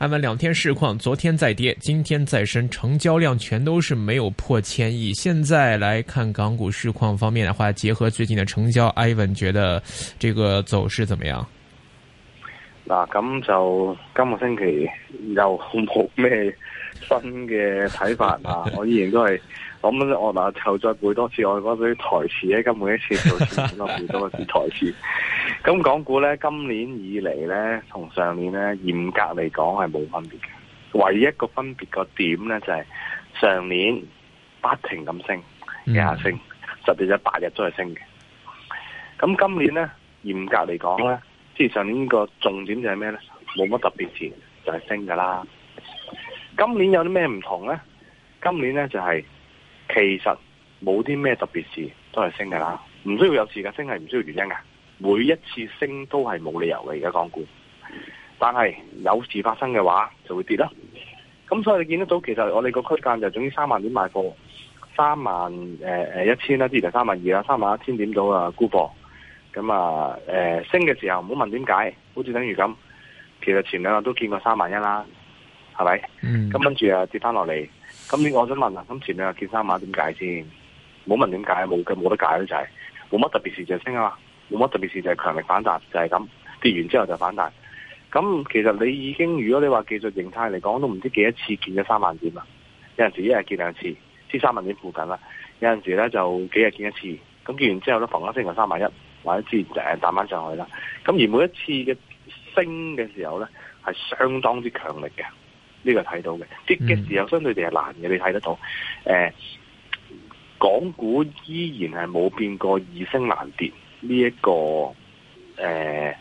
Ivan，兩天市況，昨天再跌，今天再升，成交量全都是沒有破千億。現在來看港股市況方面的話，結合最近的成交，Ivan 覺得這個走勢怎麼樣？嗱，咁就今個星期又冇咩新嘅睇法啦。我依然都係咁，我嗱就再背多次我嗰堆台詞咧。今天每一次都背多次台詞。咁港股咧，今年以嚟咧，同上年咧嚴格嚟講係冇分別嘅，唯一個分別個點咧就係、是、上年不停咁升，一下升，十日、百日都係升嘅。咁今年咧，嚴格嚟講咧，即係上年呢個重點就係咩咧？冇乜特別事，就係、是、升噶啦。今年有啲咩唔同咧？今年咧就係、是、其實冇啲咩特別事都係升噶啦，唔需要有事嘅升係唔需要原因噶。每一次升都係冇理由嘅，而家港股。但係有事發生嘅話，就會跌啦。咁所以你見得到，其實我哋個區間就總之三萬點買貨，三萬誒誒一千啦，之前三萬二啦，三萬一千點到啊，沽、呃、貨。咁啊誒升嘅時候唔好問點解，好似等於咁。其實前兩日都見過三萬一啦，係咪、嗯？咁跟住啊跌翻落嚟。咁呢，我想問下，咁前兩日見三萬點解先？唔好問點解，冇冇得解咯，就係冇乜特別事就升啊嘛。冇乜特別事，就係、是、強力反彈，就係、是、咁跌完之後就反彈。咁其實你已經，如果你話技術形態嚟講，都唔知幾多次見咗三萬點啦。有陣時一日見兩次，啲三萬點附近啦。有陣時咧就幾日見一次。咁見完之後咧，逢一升就三萬一，或者至誒彈翻上去啦。咁而每一次嘅升嘅時候咧，係相當之強力嘅。呢、這個睇到嘅即嘅時候，相對地係難嘅，你睇得到、呃。港股依然係冇變過易升難跌。呢一個誒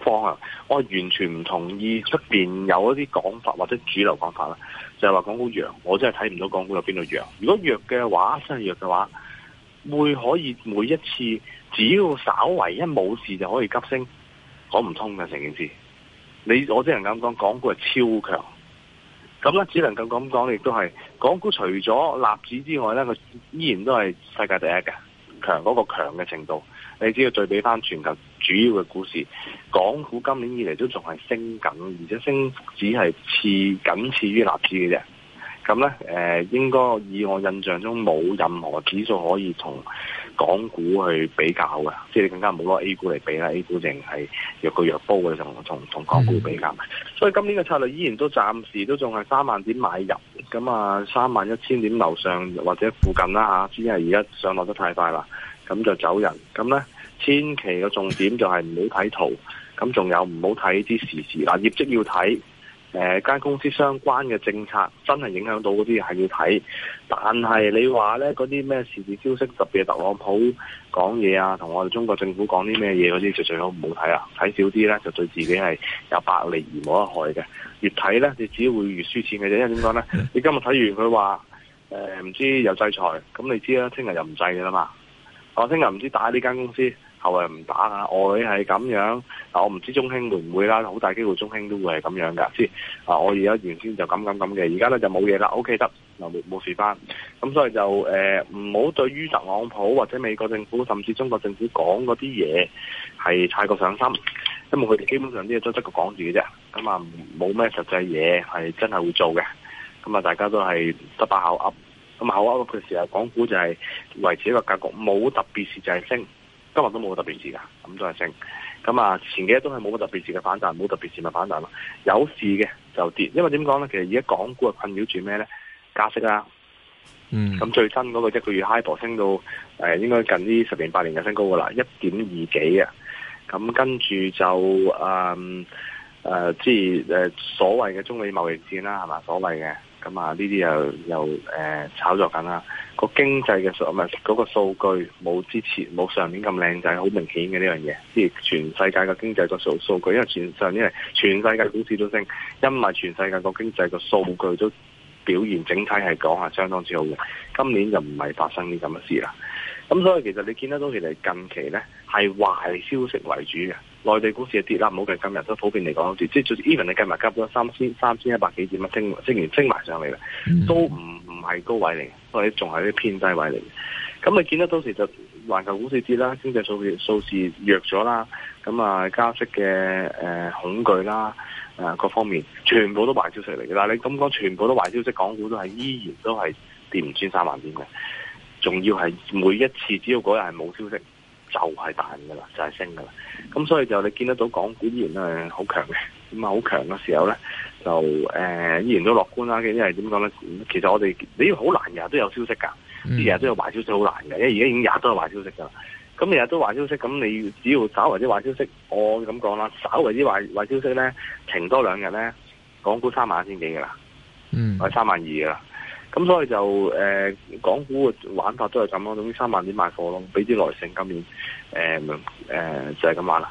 方向，我完全唔同意出邊有一啲講法或者主流講法啦，就係話港股弱，我真係睇唔到港股有邊度弱。如果弱嘅話，真係弱嘅話，會可以每一次只要稍為一冇事就可以急升，講唔通嘅成件事。你我只能咁講，港股係超強。咁咧只能咁講，亦都係港股除咗納指之外咧，佢依然都係世界第一嘅。強嗰、那個強嘅程度，你只要對比翻全球主要嘅股市，港股今年以嚟都仲係升緊，而且升幅只係次僅次於納指嘅啫。咁咧，誒、呃、應該以我印象中冇任何指數可以同。港股去比較嘅，即係更加唔好攞 A 股嚟比啦，A 股淨係弱過藥煲嘅，同同同港股比較。所以今年嘅策略依然都暫時都仲係三萬點買入，咁啊三萬一千點樓上或者附近啦嚇，只係而家上落得太快啦，咁就走人。咁咧千祈個重點就係唔好睇圖，咁仲有唔好睇啲時事。嗱，業績要睇。誒、呃、間公司相關嘅政策真係影響到嗰啲係要睇，但係你話咧嗰啲咩時事消息，特別係特朗普講嘢啊，同我哋中國政府講啲咩嘢嗰啲，就最好唔好睇啊，睇少啲咧就對自己係有百利而冇一害嘅。越睇咧，你只會越輸錢嘅啫。因為點講咧？你今日睇完佢話誒唔知有制裁，咁你知啦，聽日又唔制嘅啦嘛。我聽日唔知打呢間公司。後來唔打啊，我係咁樣，我唔知中興會唔會啦，好大機會中興都會係咁樣噶。先啊我而家原先就咁咁咁嘅，而家咧就冇嘢啦，O K 得，冇、OK，事翻，咁所以就誒唔好對於特朗普或者美國政府甚至中國政府講嗰啲嘢係太過上心，因為佢哋基本上啲嘢都得個講住嘅啫，咁啊冇咩實際嘢係真係會做嘅，咁啊大家都係得把口噏，咁口噏嘅時候，港股就係維持一個格局，冇特別事就係升。今日都冇特別字噶，咁都係升。咁啊，前幾日都係冇乜特別字嘅反彈，冇特別字咪反彈啦。有事嘅就跌，因為點講咧？其實而家港股困擾住咩咧？加息啦、啊。嗯。咁最新嗰個一個月 high 磅升到應該近呢十年八年就升高噶啦，一點二幾啊。咁跟住就誒誒，即、嗯、係、呃、所謂嘅中美貿易戰啦，係嘛所謂嘅。咁啊，呢啲又又誒、呃、炒作緊啦，個經濟嘅數唔係嗰個數據冇之前，冇上年咁靚仔，好明顯嘅呢樣嘢。即係全世界嘅經濟個數據，因為上年因全世界股市都升，因為全世界個經濟個數據都表現整體係講係相當之好嘅。今年就唔係發生啲咁嘅事啦。咁所以其實你見得到其實近期咧。係壞消息為主嘅，內地股市係跌啦，唔好計今日，都普遍嚟講好似，即係 even 你計埋急咗三千三千一百幾點啊，升升完升埋上嚟嘅，都唔唔係高位嚟，都係仲係啲偏低位嚟。咁你見得到時就環球股市跌啦，經濟數數字弱咗啦，咁啊加息嘅誒、呃、恐懼啦、啊呃、各方面，全部都壞消息嚟。嗱，你咁講全部都壞消息，港股都係依然都係跌唔穿三萬點嘅，仲要係每一次只要嗰日係冇消息。就係彈㗎啦，就係、是、升㗎啦。咁所以就你見得到港股依然係好強嘅，咁啊好強嘅時候咧，就、呃、依然都樂觀啦。因為點講咧？其實我哋你好難日日都有消息㗎，日日都有壞消息，好難嘅。因為而家已經日日都有壞消息㗎啦。咁日日都壞消息，咁你只要稍為啲壞消息，我咁講啦，稍為啲壞，壞消息咧，停多兩日咧，港股三萬一千幾㗎啦，嗯，或三萬二㗎啦。咁所以就誒、呃、港股嘅玩法都係咁咯，總之三萬點買貨咯，俾啲耐性今年誒、呃呃、就係、是、咁玩啦。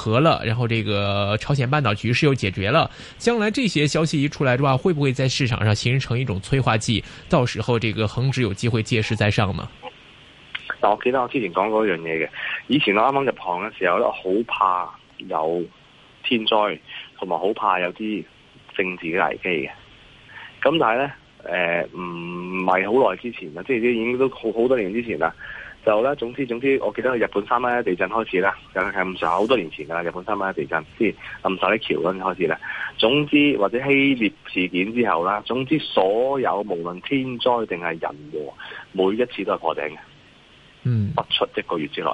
和了，然後這個朝鮮半島局勢又解決了，將來這些消息一出來的話，會不會在市場上形成一種催化劑？到時候這個恒指有機會借勢再上嗎？但我記得我之前講過一樣嘢嘅，以前我啱啱入行嘅時候咧，好怕有天災，同埋好怕有啲政治嘅危機嘅。咁但係咧，誒、呃，唔係好耐之前啦，即係已經都好好多年之前啦。就咧，總之總之，我記得日本三一地震開始啦，係唔就好多年前啦。日本三一地震先暗殺啲橋咁開始啦。總之或者希臘事件之後啦，總之所有無論天災定係人禍，每一次都係破頂嘅，嗯，不出一個月之內。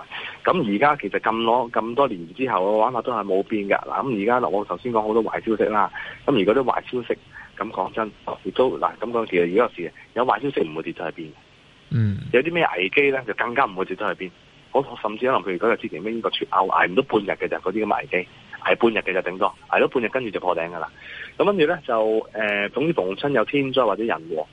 咁而家其實咁多咁多年之後嘅玩法都係冇變嘅。嗱，咁而家嗱我頭先講好多壞消息啦。咁而家啲壞消息，咁講真的，亦都嗱咁講其實而家有事，有壞消息唔會跌就係變。嗯，mm hmm. 有啲咩危機咧，就更加唔會跌得去邊。我甚至可能譬如嗰日之前咩個脫歐，捱唔到半日嘅就嗰啲咁嘅危機，捱半日嘅就頂多，捱到半日跟住就破頂噶啦。咁跟住咧就誒、呃，總之逢親有天災或者人禍，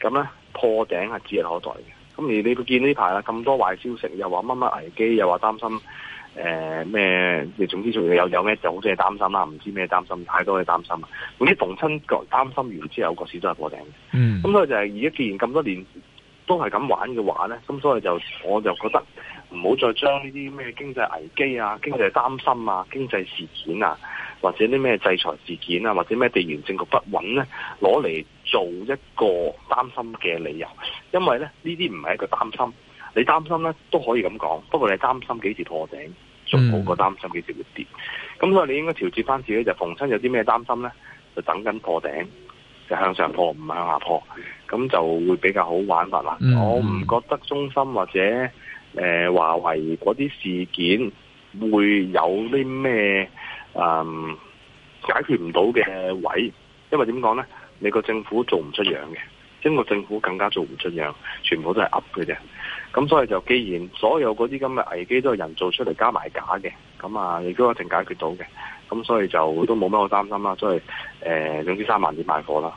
咁咧破頂係指日可待嘅。咁而你見呢排啦咁多壞消息，又話乜乜危機，又話擔心誒咩、呃，你總之仲有有咩就好似係擔心啦，唔知咩擔心，太多嘅擔心。總之逢親個擔心完之後，個市都係破頂嘅。咁、mm hmm. 所以就係而家既然咁多年。都係咁玩嘅話呢，咁所以就我就覺得唔好再將呢啲咩經濟危機啊、經濟擔心啊、經濟事件啊，或者啲咩制裁事件啊，或者咩地緣政局不穩呢，攞嚟做一個擔心嘅理由。因為呢啲唔係一個擔心，你擔心呢都可以咁講，不過你係擔心幾時破頂，仲好過擔心幾時會跌。咁、嗯、所以你應該調節翻自己，就逢親有啲咩擔心呢，就等緊破頂。就向上破唔向下破，咁就會比較好玩法啦。我唔覺得中芯或者誒、呃、華為嗰啲事件會有啲咩誒解決唔到嘅位，因為點講咧？你個政府做唔出樣嘅。英國政府更加做唔出樣，全部都係噏佢啫。咁所以就既然所有嗰啲咁嘅危機都係人做出嚟加埋假嘅，咁啊亦都一定解決到嘅，咁所以就都冇乜好擔心啦，所以誒兩千三萬點買貨啦。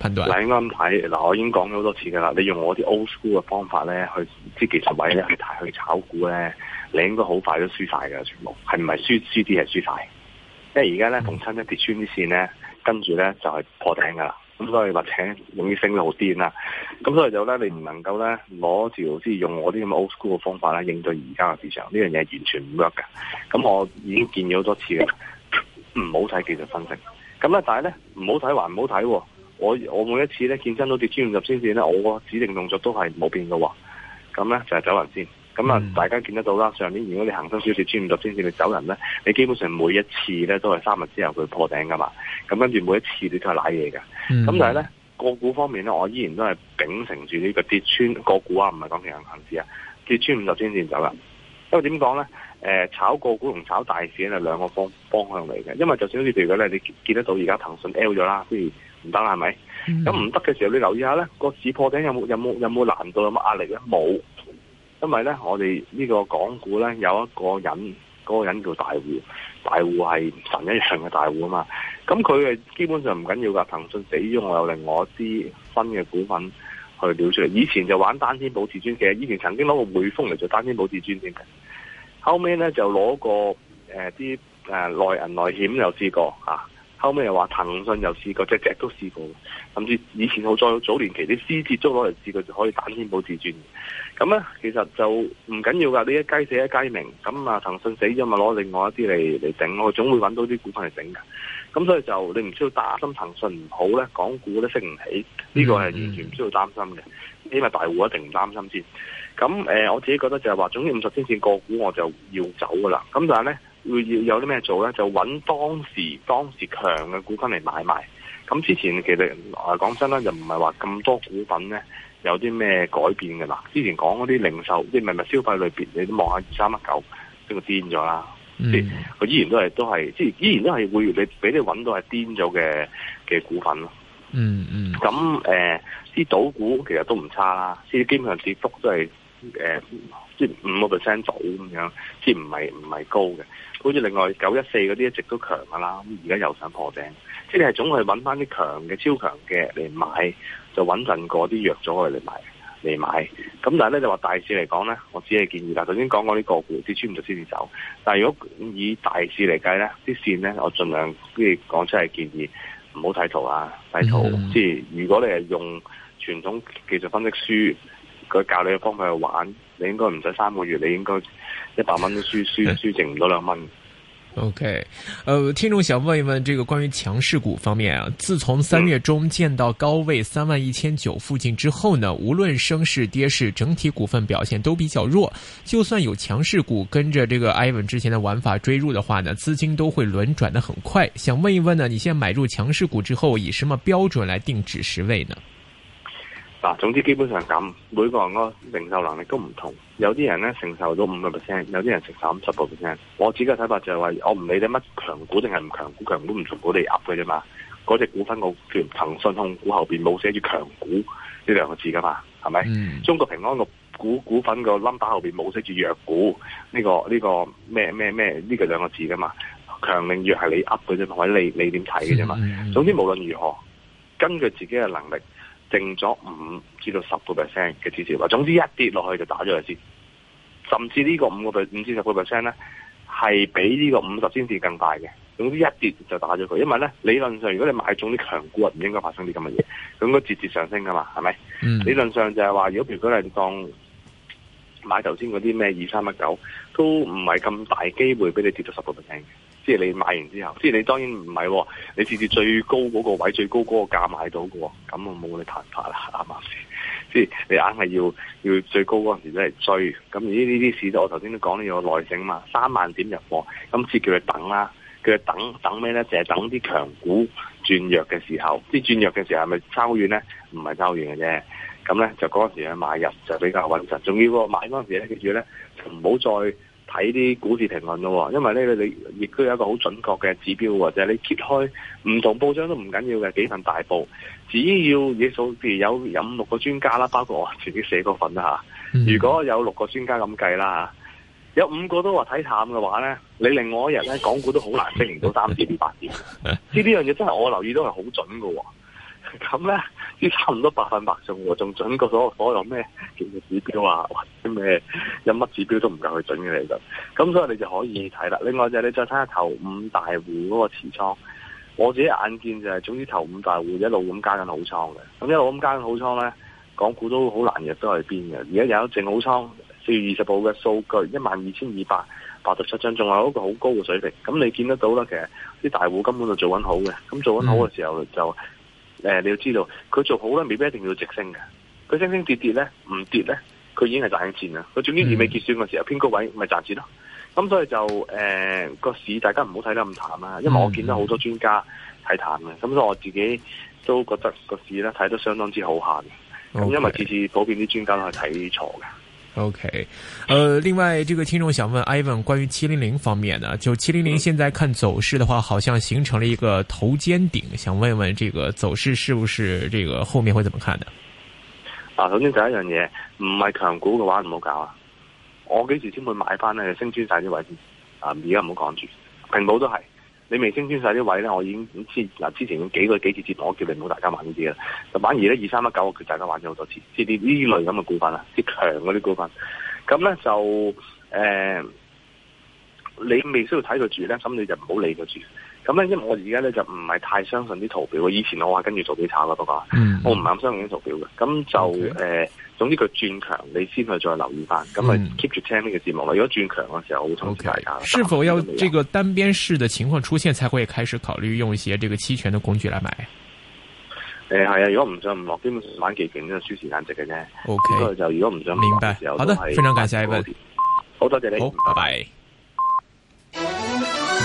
嗱，啱啱睇嗱，我已經講咗好多次噶啦，你用我啲 old school 嘅方法咧，去啲技術位咧去睇去炒股咧，你應該好快都輸晒噶，全部係唔係輸？輸啲係輸晒，即係而家咧，逢親一跌穿啲線咧，跟住咧就係破頂噶啦，咁所以或者容易升得好癲啦，咁所以就咧你唔能夠咧攞條即係用我啲咁 old school 嘅方法咧應對而家嘅市場，呢樣嘢完全唔 work 噶，咁我已經見咗好多次嘅，唔好睇技術分析，咁咧但係咧唔好睇還唔好睇喎。我我每一次咧見真到跌穿五十線線咧，我指定動作都係冇變嘅喎、啊。咁咧就係、是、走人先。咁啊、mm，hmm. 大家見得到啦。上年如果你行真少少穿五十線線，你走人咧，你基本上每一次咧都係三日之後佢破頂㗎嘛。咁跟住每一次你都係瀨嘢嘅。咁、mm hmm. 但係咧，個股方面咧，我依然都係秉承住呢個跌穿個股啊，唔係講平行市啊，跌穿五十線線走啦。因為點講咧？炒個股同炒大市呢，係兩個方方向嚟嘅。因為就算好似譬如果你見得到而家騰訊 L 咗啦，譬如。唔得，係咪？咁唔得嘅時候，你留意下呢、個市破頂有冇有冇有冇難度，有冇壓力咧？冇，因為呢，我哋呢個港股呢有一個人嗰、個人叫大戶，大戶係神一樣嘅大戶啊嘛。咁佢係基本上唔緊要噶，騰訊死咗，我有另外一啲新嘅股份去料出嚟。以前就玩單天保至尊嘅，以前曾經攞過匯豐嚟做單天保至尊先嘅，後尾呢就攞個誒啲誒內銀內險有試過吓。啊後尾又話騰訊又試過，隻隻都試過。甚至以前好在早年期啲獅子都攞嚟試過，過就可以打天保自尊。咁、嗯、咧其實就唔緊要㗎，呢一雞死一雞鳴。咁、嗯、啊騰訊死咗咪攞另外一啲嚟嚟整，我總會搵到啲股份嚟整嘅。咁、嗯、所以就你唔需要擔心騰訊唔好咧，港股都升唔起，呢、呢個係完全唔需要擔心嘅。起碼大戶一定唔擔心先。咁、嗯呃、我自己覺得就係話，總之五十天線個股我就要走㗎啦。咁但係咧。要有啲咩做咧？就揾當時當時強嘅股份嚟買賣。咁之前其實講真啦，又唔係話咁多股份咧有啲咩改變嘅啦。之前講嗰啲零售，即係咪咪消費裏面，你都望下二三一九，即係癲咗啦。即佢依然都係都係，即係依然都係會你俾你揾到係癲咗嘅嘅股份咯。嗯嗯。咁誒啲賭股其實都唔差啦，即係基本上跌幅都係。誒，即係五個 percent 到咁樣，即係唔係唔係高嘅。好似另外九一四嗰啲一直都強㗎啦，咁而家又想破頂，即係你係總係揾翻啲強嘅、超強嘅嚟買，就穩陣過啲弱咗嘅嚟買嚟買。咁但係咧，就話大市嚟講咧，我只係建議啦。頭先講過呢個股，跌穿到先至走。但係如果以大市嚟計咧，啲線咧，我盡量即係講出係建議，唔好睇圖啊，睇圖。即係、嗯就是、如果你係用傳統技術分析書。佢教你去幫佢去玩，你應該唔使三個月，你應該一百蚊都輸輸輸剩唔到兩蚊。OK，呃聽眾想問一問這個關於強勢股方面啊，自從三月中見到高位三萬一千九附近之後呢，無論升勢跌勢，整體股份表現都比較弱。就算有強勢股跟着，這個 Ivan 之前的玩法追入的話呢，資金都會輪轉得很快。想問一問呢，你現在買入強勢股之後，以什麼標準來定止蝕位呢？嗱，總之基本上咁，每個人個承受能力都唔同，有啲人咧承受咗五個 percent，有啲人承受五十 percent。我自己嘅睇法就係話，我唔理你乜強股定係唔強股，強股唔同我哋噏嘅啫嘛。嗰隻股份個，騰訊控股後邊冇寫住強股呢兩個字噶嘛，係咪？Mm hmm. 中國平安個股股份個 number 後邊冇寫住弱股呢個呢個咩咩咩呢個兩個字噶嘛，強令弱係你噏嘅啫嘛，或者你你點睇嘅啫嘛。Mm hmm. 總之無論如何，根據自己嘅能力。淨咗五至到十個 percent 嘅支持，總之一跌落去就打咗佢先。甚至呢個五個五至十個 percent 咧，係比呢個五十先至更快嘅。總之一跌就打咗佢，因為咧理論上如果你買中啲強股，唔應該發生啲咁嘅嘢，咁應該節節上升噶嘛，係咪？嗯、理論上就係話，如果譬如舉例當買頭先嗰啲咩二三一九，都唔係咁大機會俾你跌到十個 percent 嘅。即係你買完之後，即係你當然唔係、哦，你次次最高嗰個位、最高嗰個價買到嘅喎、哦，咁我冇你彈法啦，啱唔啱先？即係你硬係要要最高嗰陣時都係追，咁而呢啲市，我頭先都講咗有耐性啊嘛，三萬點入貨、哦，咁次叫佢等啦、啊，叫佢等等咩咧？就係、是、等啲強股轉弱嘅時候，即轉弱嘅時候係咪收遠咧？唔係收遠嘅啫，咁咧就嗰陣時去買入就比較穩陣，仲要、哦、買買嗰陣時咧，記住咧唔好再。睇啲股市評論咯，因為呢，你亦都有一個好準確嘅指標喎，就係你揭開唔同報章都唔緊要嘅幾份大報，只要你數字，譬如有有五六個專家啦，包括我自己寫嗰份啦嚇。如果有六個專家咁計啦嚇，有五個都話睇淡嘅話呢，你另外一日呢，港股都好難升唔到三點八點。呢啲樣嘢真係我留意都係好準嘅喎。咁咧，啲差唔多百分百中喎，仲準過咗所有咩技術指標啊，或者咩有乜指標都唔夠佢準嘅，你就。咁所以你就可以睇啦。另外就係你再睇下頭五大戶嗰個持倉，我自己眼見就係，總之頭五大戶一路咁加緊好倉嘅。咁一路咁加緊好倉咧，港股都好難入到去邊嘅。而家有淨好倉，四月二十號嘅數據一萬二千二百八十七張，仲有一個好高嘅水平。咁你見得到啦，其實啲大戶根本就做緊好嘅。咁做緊好嘅時候就。誒、呃，你要知道，佢做好咧，未必一定要直升嘅。佢升升跌跌咧，唔跌咧，佢已經係賺錢啦。佢總之年尾結算嘅時候，偏高位咪賺錢咯。咁所以就誒，個、呃、市大家唔好睇得咁淡啦。因為我見到好多專家睇淡嘅，咁、嗯、所以我自己都覺得個市咧睇得相當之好閒。咁因為次次普遍啲專家都係睇錯嘅。OK，呃，另外這個聽眾想問 Ivan 關於七零零方面呢、啊，就七零零現在看走勢的話，好像形成了一個頭肩頂，想問問這個走勢是不是這個後面會怎麼看、啊、剛剛的，的？啊，首先第一樣嘢，唔係強股嘅話唔好搞啊，我幾時先會買翻咧？升穿晒啲位先，啊，而家唔好講住，平保都係。你未升穿曬啲位咧，我已經咁之嗱之前幾個幾次節目，我叫你唔好大家玩呢啲嘅，就反而咧二三一九我叫大家玩咗好多次，呢啲呢類咁嘅股份啦，啲強嗰啲股份，咁咧就誒、呃，你未需要睇佢住咧，咁你就唔好理佢住。咁咧，因為我而家咧就唔係太相信啲圖表嘅。以前我話跟住圖表炒嘅，不過，我唔係咁相信啲圖表嘅。咁就誒，總之佢轉強，你先去再留意翻。咁咪 keep 住聽呢個節目啦。如果轉強嘅時候，我會推介。是否要呢個單邊式嘅情況出現，才會開始考慮用一些這個期權嘅工具嚟買？誒係啊，如果唔上唔落，基本上玩幾勁都係輸時間值嘅啫。O K，就如果唔上，明白，好的，非常感謝好多謝你，好，拜拜。